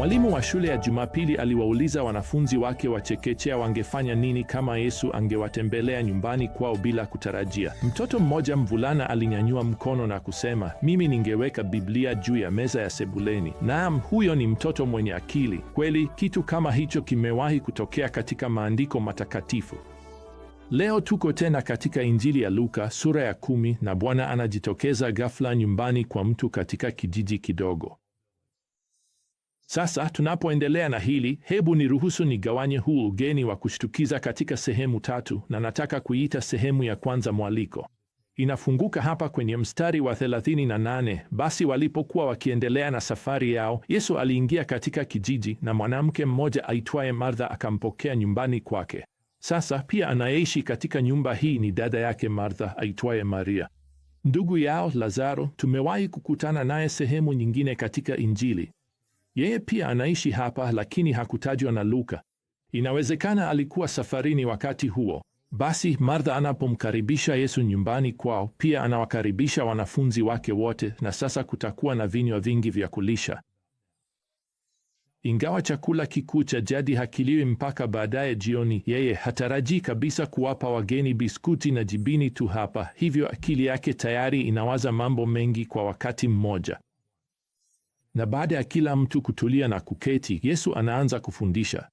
Mwalimu wa shule ya Jumapili aliwauliza wanafunzi wake wa chekechea wangefanya nini kama Yesu angewatembelea nyumbani kwao bila kutarajia. Mtoto mmoja mvulana alinyanyua mkono na kusema, mimi ningeweka Biblia juu ya meza ya sebuleni. Naam, huyo ni mtoto mwenye akili kweli. Kitu kama hicho kimewahi kutokea katika maandiko matakatifu. Leo tuko tena katika Injili ya Luka sura ya kumi, na Bwana anajitokeza ghafla nyumbani kwa mtu katika kijiji kidogo. Sasa tunapoendelea na hili, hebu niruhusu nigawanye huu ugeni wa kushtukiza katika sehemu tatu, na nataka kuiita sehemu ya kwanza mwaliko. Inafunguka hapa kwenye mstari wa 38: basi walipokuwa wakiendelea na safari yao, Yesu aliingia katika kijiji, na mwanamke mmoja aitwaye Martha akampokea nyumbani kwake. Sasa pia anayeishi katika nyumba hii ni dada yake Martha aitwaye Maria, ndugu yao Lazaro. Tumewahi kukutana naye sehemu nyingine katika Injili. Yeye pia anaishi hapa, lakini hakutajwa na Luka. Inawezekana alikuwa safarini wakati huo. Basi Martha anapomkaribisha Yesu nyumbani kwao, pia anawakaribisha wanafunzi wake wote, na sasa kutakuwa na vinywa vingi vya kulisha. Ingawa chakula kikuu cha jadi hakiliwi mpaka baadaye jioni, yeye hatarajii kabisa kuwapa wageni biskuti na jibini tu hapa, hivyo akili yake tayari inawaza mambo mengi kwa wakati mmoja. Na baada ya kila mtu kutulia na kuketi, Yesu anaanza kufundisha.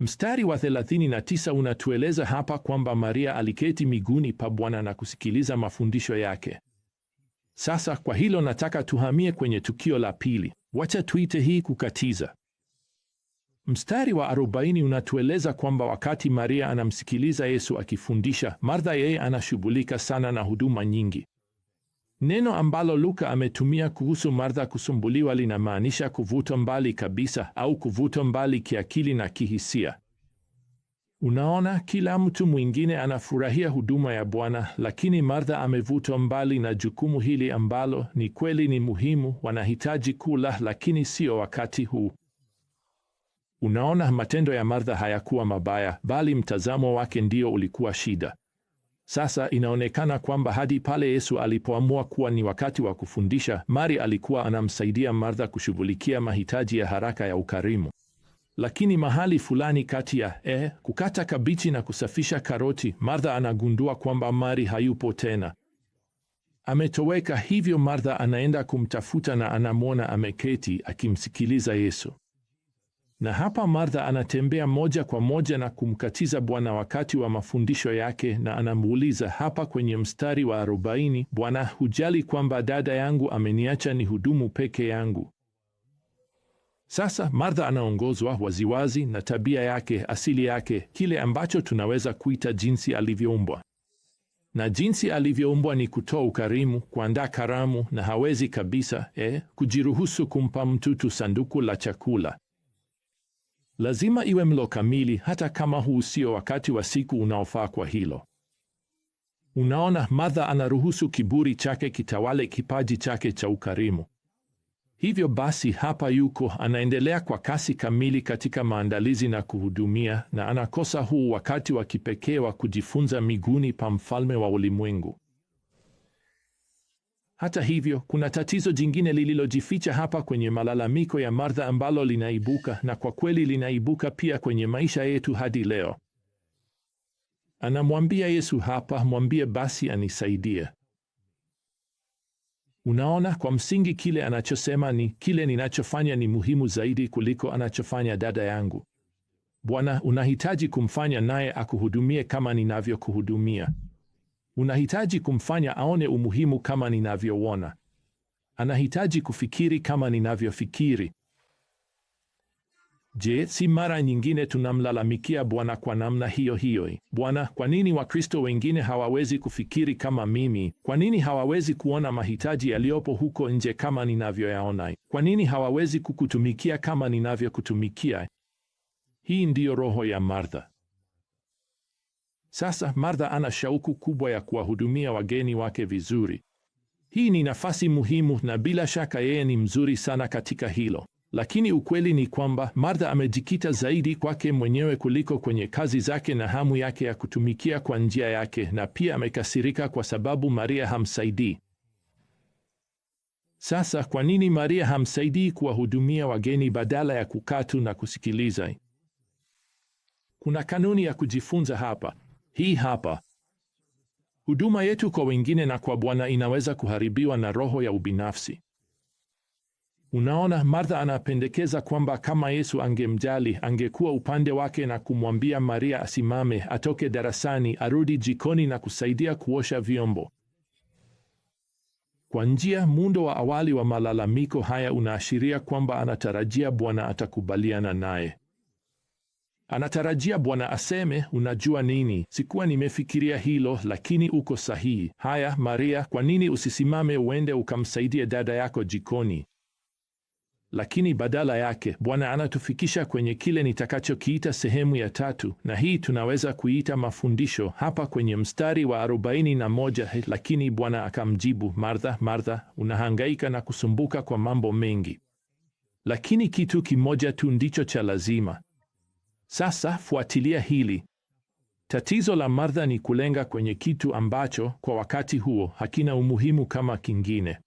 Mstari wa 39 unatueleza hapa kwamba Maria aliketi miguuni pa Bwana na kusikiliza mafundisho yake. Sasa kwa hilo nataka tuhamie kwenye tukio la pili. Wacha tuite hii kukatiza. Mstari wa 40 unatueleza kwamba wakati Maria anamsikiliza Yesu akifundisha, Martha yeye anashughulika sana na huduma nyingi. Neno ambalo Luka ametumia kuhusu Martha kusumbuliwa linamaanisha kuvuta mbali kabisa au kuvuta mbali kiakili na kihisia. Unaona, kila mtu mwingine anafurahia huduma ya Bwana, lakini Martha amevutwa mbali na jukumu hili ambalo ni kweli ni muhimu. Wanahitaji kula, lakini sio wakati huu. Unaona, matendo ya Martha hayakuwa mabaya, bali mtazamo wake ndio ulikuwa shida. Sasa inaonekana kwamba hadi pale Yesu alipoamua kuwa ni wakati wa kufundisha, Mari alikuwa anamsaidia Martha kushughulikia mahitaji ya haraka ya ukarimu. Lakini mahali fulani kati ya eh, kukata kabichi na kusafisha karoti, Martha anagundua kwamba Mari hayupo tena, ametoweka. Hivyo Martha anaenda kumtafuta na anamwona ameketi akimsikiliza Yesu. Na hapa Martha anatembea moja kwa moja na kumkatiza Bwana wakati wa mafundisho yake, na anamuuliza hapa kwenye mstari wa arobaini Bwana, hujali kwamba dada yangu ameniacha ni hudumu peke yangu? Sasa Martha anaongozwa waziwazi na tabia yake, asili yake, kile ambacho tunaweza kuita jinsi alivyoumbwa. Na jinsi alivyoumbwa ni kutoa ukarimu, kuandaa karamu, na hawezi kabisa eh, kujiruhusu kumpa mtu tu sanduku la chakula. Lazima iwe mlo kamili, hata kama huu sio wakati wa siku unaofaa kwa hilo. Unaona, Martha anaruhusu kiburi chake kitawale kipaji chake cha ukarimu. Hivyo basi, hapa yuko anaendelea kwa kasi kamili katika maandalizi na kuhudumia, na anakosa huu wakati wa kipekee wa kujifunza miguuni pa mfalme wa ulimwengu. Hata hivyo, kuna tatizo jingine lililojificha hapa kwenye malalamiko ya Martha ambalo linaibuka na kwa kweli linaibuka pia kwenye maisha yetu hadi leo. Anamwambia Yesu hapa, mwambie basi anisaidie. Unaona, kwa msingi kile anachosema ni kile ninachofanya ni muhimu zaidi kuliko anachofanya dada yangu. Bwana, unahitaji kumfanya naye akuhudumie kama ninavyokuhudumia. Unahitaji kumfanya aone umuhimu kama ninavyoona. Anahitaji kufikiri kama ninavyofikiri. Je, si mara nyingine tunamlalamikia Bwana kwa namna hiyo hiyo? Bwana, kwa nini Wakristo wengine hawawezi kufikiri kama mimi? Kwa nini hawawezi kuona mahitaji yaliyopo huko nje kama ninavyoyaona? Kwa nini hawawezi kukutumikia kama ninavyokutumikia? Hii ndiyo roho ya Martha. Sasa Martha ana shauku kubwa ya kuwahudumia wageni wake vizuri. Hii ni nafasi muhimu na bila shaka yeye ni mzuri sana katika hilo. Lakini ukweli ni kwamba Martha amejikita zaidi kwake mwenyewe kuliko kwenye kazi zake na hamu yake ya kutumikia kwa njia yake, na pia amekasirika kwa sababu Maria hamsaidii. Sasa kwa nini Maria hamsaidii kuwahudumia wageni badala ya kukaa tu na kusikiliza? Kuna kanuni ya kujifunza hapa. Hii hapa. Huduma yetu kwa wengine na kwa Bwana inaweza kuharibiwa na roho ya ubinafsi. Unaona, Martha anapendekeza kwamba kama Yesu angemjali, angekuwa upande wake na kumwambia Maria asimame, atoke darasani, arudi jikoni na kusaidia kuosha vyombo. Kwa njia, muundo wa awali wa malalamiko haya unaashiria kwamba anatarajia Bwana atakubaliana naye. Anatarajia Bwana aseme, unajua nini, sikuwa nimefikiria hilo, lakini uko sahihi. Haya Maria, kwa nini usisimame uende ukamsaidie dada yako jikoni? Lakini badala yake Bwana anatufikisha kwenye kile nitakachokiita sehemu ya tatu, na hii tunaweza kuiita mafundisho, hapa kwenye mstari wa arobaini na moja. Lakini Bwana akamjibu, Martha, Martha, unahangaika na kusumbuka kwa mambo mengi, lakini kitu kimoja tu ndicho cha lazima. Sasa fuatilia hili. Tatizo la Martha ni kulenga kwenye kitu ambacho kwa wakati huo hakina umuhimu kama kingine.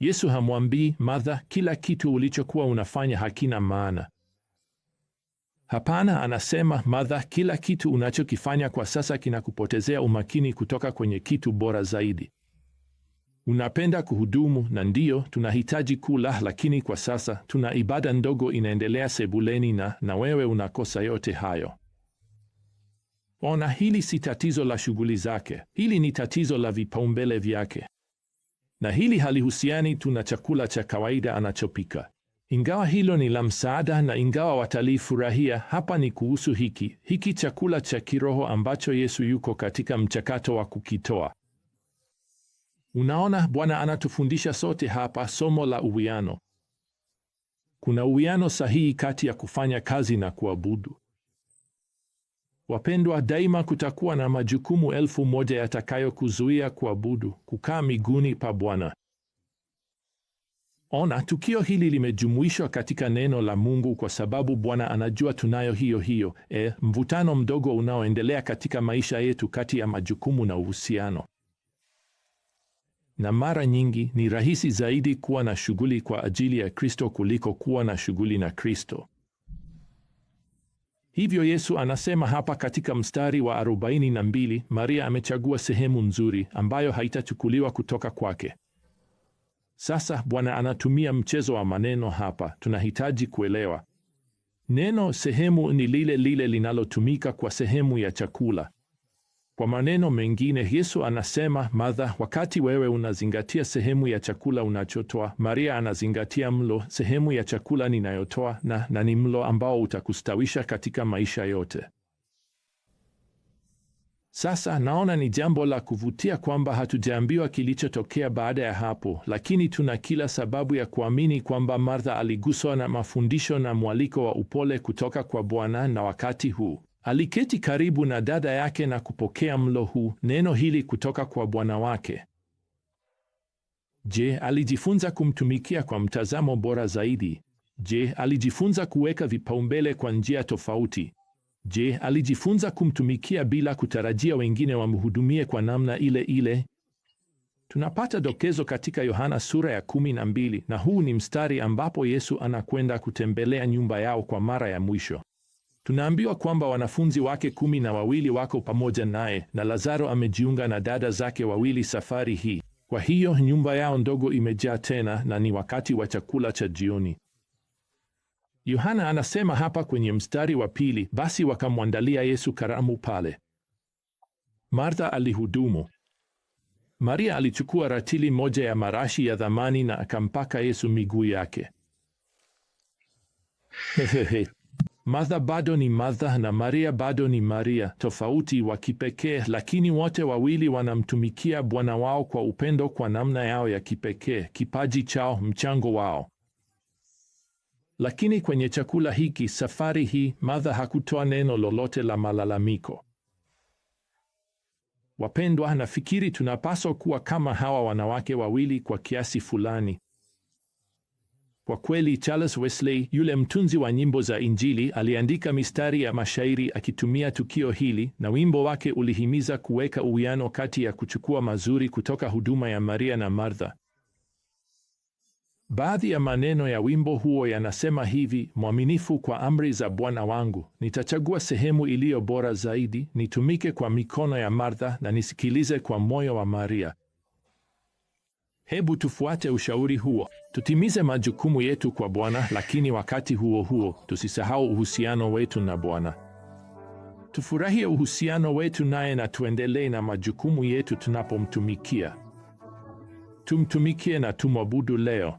Yesu hamwambii Martha, kila kitu ulichokuwa unafanya hakina maana. Hapana, anasema Martha, kila kitu unachokifanya kwa sasa kinakupotezea umakini kutoka kwenye kitu bora zaidi. Unapenda kuhudumu na ndiyo tunahitaji kula, lakini kwa sasa tuna ibada ndogo inaendelea sebuleni, na na wewe unakosa yote hayo. Ona, hili si tatizo la shughuli zake, hili ni tatizo la vipaumbele vyake, na hili halihusiani tu na chakula cha kawaida anachopika. Ingawa hilo ni la msaada na ingawa watalii furahia hapa ni kuhusu hiki hiki chakula cha kiroho ambacho Yesu yuko katika mchakato wa kukitoa. Unaona, Bwana anatufundisha sote hapa somo la uwiano. Kuna uwiano sahihi kati ya kufanya kazi na kuabudu. Wapendwa, daima kutakuwa na majukumu elfu moja yatakayokuzuia kuabudu, kukaa miguni pa Bwana. Ona, tukio hili limejumuishwa katika neno la Mungu kwa sababu Bwana anajua tunayo hiyo hiyo, e, mvutano mdogo unaoendelea katika maisha yetu kati ya majukumu na uhusiano na mara nyingi ni rahisi zaidi kuwa na shughuli kwa ajili ya Kristo kuliko kuwa na shughuli na Kristo. Hivyo Yesu anasema hapa katika mstari wa 42, Maria amechagua sehemu nzuri ambayo haitachukuliwa kutoka kwake. Sasa Bwana anatumia mchezo wa maneno hapa. Tunahitaji kuelewa neno sehemu ni lile lile linalotumika kwa sehemu ya chakula. Kwa maneno mengine, Yesu anasema Martha, wakati wewe unazingatia sehemu ya chakula unachotoa, Maria anazingatia mlo, sehemu ya chakula ninayotoa, na na ni mlo ambao utakustawisha katika maisha yote. Sasa naona ni jambo la kuvutia kwamba hatujaambiwa kilichotokea baada ya hapo, lakini tuna kila sababu ya kuamini kwamba Martha aliguswa na mafundisho na mwaliko wa upole kutoka kwa Bwana na wakati huu Aliketi karibu na dada yake na kupokea mlo huu, neno hili kutoka kwa bwana wake. Je, alijifunza kumtumikia kwa mtazamo bora zaidi? Je, alijifunza kuweka vipaumbele kwa njia tofauti? Je, alijifunza kumtumikia bila kutarajia wengine wamhudumie kwa namna ile ile? Tunapata dokezo katika Yohana sura ya kumi na mbili na huu ni mstari ambapo Yesu anakwenda kutembelea nyumba yao kwa mara ya mwisho. Tunaambiwa kwamba wanafunzi wake kumi na wawili wako pamoja naye na Lazaro amejiunga na dada zake wawili safari hii. Kwa hiyo nyumba yao ndogo imejaa tena na ni wakati wa chakula cha jioni. Yohana anasema hapa kwenye mstari wa pili, basi wakamwandalia Yesu karamu pale. Martha alihudumu. Maria alichukua ratili moja ya marashi ya dhamani na akampaka Yesu miguu yake. Martha bado ni Martha na Maria bado ni Maria, tofauti wa kipekee, lakini wote wawili wanamtumikia Bwana wao kwa upendo kwa namna yao ya kipekee, kipaji chao, mchango wao. Lakini kwenye chakula hiki, safari hii, Martha hakutoa neno lolote la malalamiko. Wapendwa, nafikiri tunapaswa kuwa kama hawa wanawake wawili kwa kiasi fulani. Kwa kweli Charles Wesley, yule mtunzi wa nyimbo za Injili, aliandika mistari ya mashairi akitumia tukio hili, na wimbo wake ulihimiza kuweka uwiano kati ya kuchukua mazuri kutoka huduma ya Maria na Martha. Baadhi ya maneno ya wimbo huo yanasema hivi: mwaminifu kwa amri za Bwana wangu, nitachagua sehemu iliyo bora zaidi, nitumike kwa mikono ya Martha na nisikilize kwa moyo wa Maria. Hebu tufuate ushauri huo, tutimize majukumu yetu kwa Bwana, lakini wakati huo huo tusisahau uhusiano wetu na Bwana. Tufurahie uhusiano wetu naye na tuendelee na majukumu yetu tunapomtumikia. Tumtumikie na tumwabudu leo.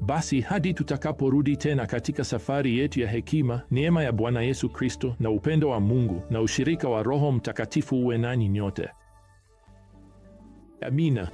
Basi hadi tutakaporudi tena katika safari yetu ya hekima, neema ya Bwana Yesu Kristo na upendo wa Mungu na ushirika wa Roho Mtakatifu uwe nanyi nyote. Amina.